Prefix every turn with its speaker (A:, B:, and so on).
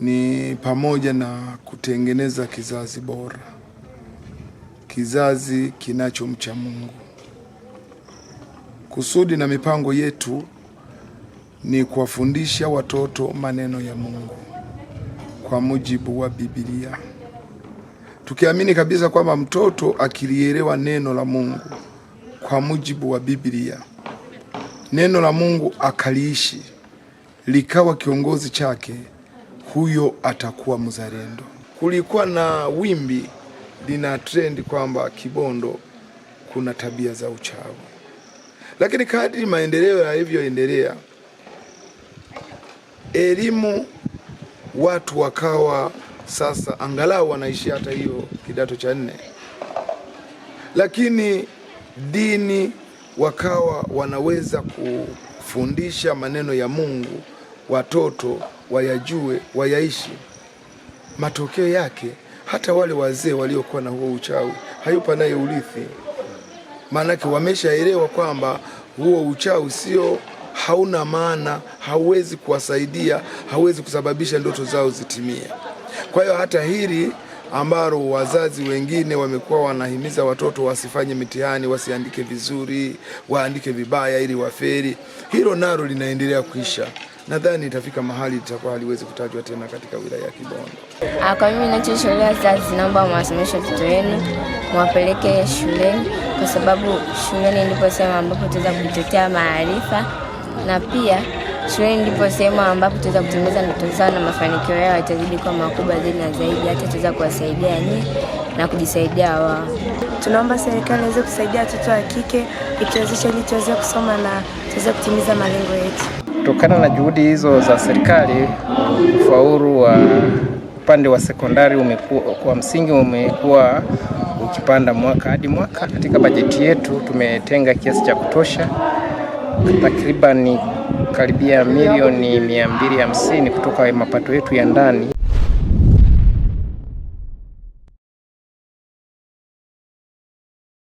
A: ni pamoja na kutengeneza kizazi bora, kizazi kinachomcha Mungu. Kusudi na mipango yetu ni kuwafundisha watoto maneno ya Mungu kwa mujibu wa Biblia, tukiamini kabisa kwamba mtoto akilielewa neno la Mungu kwa mujibu wa Biblia, neno la Mungu akaliishi likawa kiongozi chake huyo atakuwa mzalendo. Kulikuwa na wimbi lina trendi kwamba Kibondo kuna tabia za uchawi, lakini kadri maendeleo yalivyoendelea, elimu watu wakawa sasa angalau wanaishi hata hiyo kidato cha nne, lakini dini wakawa wanaweza kufundisha maneno ya Mungu watoto wayajue, wayaishi. Matokeo yake hata wale wazee waliokuwa na huo uchawi hayupa naye urithi maanake wameshaelewa kwamba huo uchawi sio, hauna maana, hauwezi kuwasaidia, hauwezi kusababisha ndoto zao zitimie. Kwa hiyo hata hili ambalo wazazi wengine wamekuwa wanahimiza watoto wasifanye mitihani, wasiandike vizuri, waandike vibaya ili waferi, hilo nalo linaendelea kuisha nadhani itafika mahali itakuwa haliwezi kutajwa tena katika wilaya ya Kibondo.
B: Ah, kwa mimi nachoshauri sasa, naomba mwasomeshe watoto wenu, mwapeleke shuleni, kwa sababu shuleni ndipo sehemu ambapo tutaweza kujitetea maarifa, na pia shuleni ndipo sehemu ambapo tutaweza kutimiza ndoto zao, na mafanikio yao yatazidi kuwa makubwa zaidi na zaidi, hata tutaweza kuwasaidia nyinyi na kujisaidia wao.
C: Tunaomba serikali iweze kusaidia watoto wa kike kutuwezesha, ili tuweze kusoma na tuweze kutimiza malengo yetu.
D: Kutokana na juhudi hizo za serikali, ufaulu wa upande wa sekondari umekuwa kwa msingi umekuwa ukipanda mwaka hadi mwaka. Katika bajeti yetu tumetenga kiasi cha kutosha takribani karibia milioni 250 kutoka mapato yetu ya ndani.